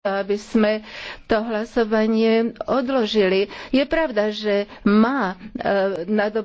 aby sme to hlasovanie odložili. Je pravda, že má e, na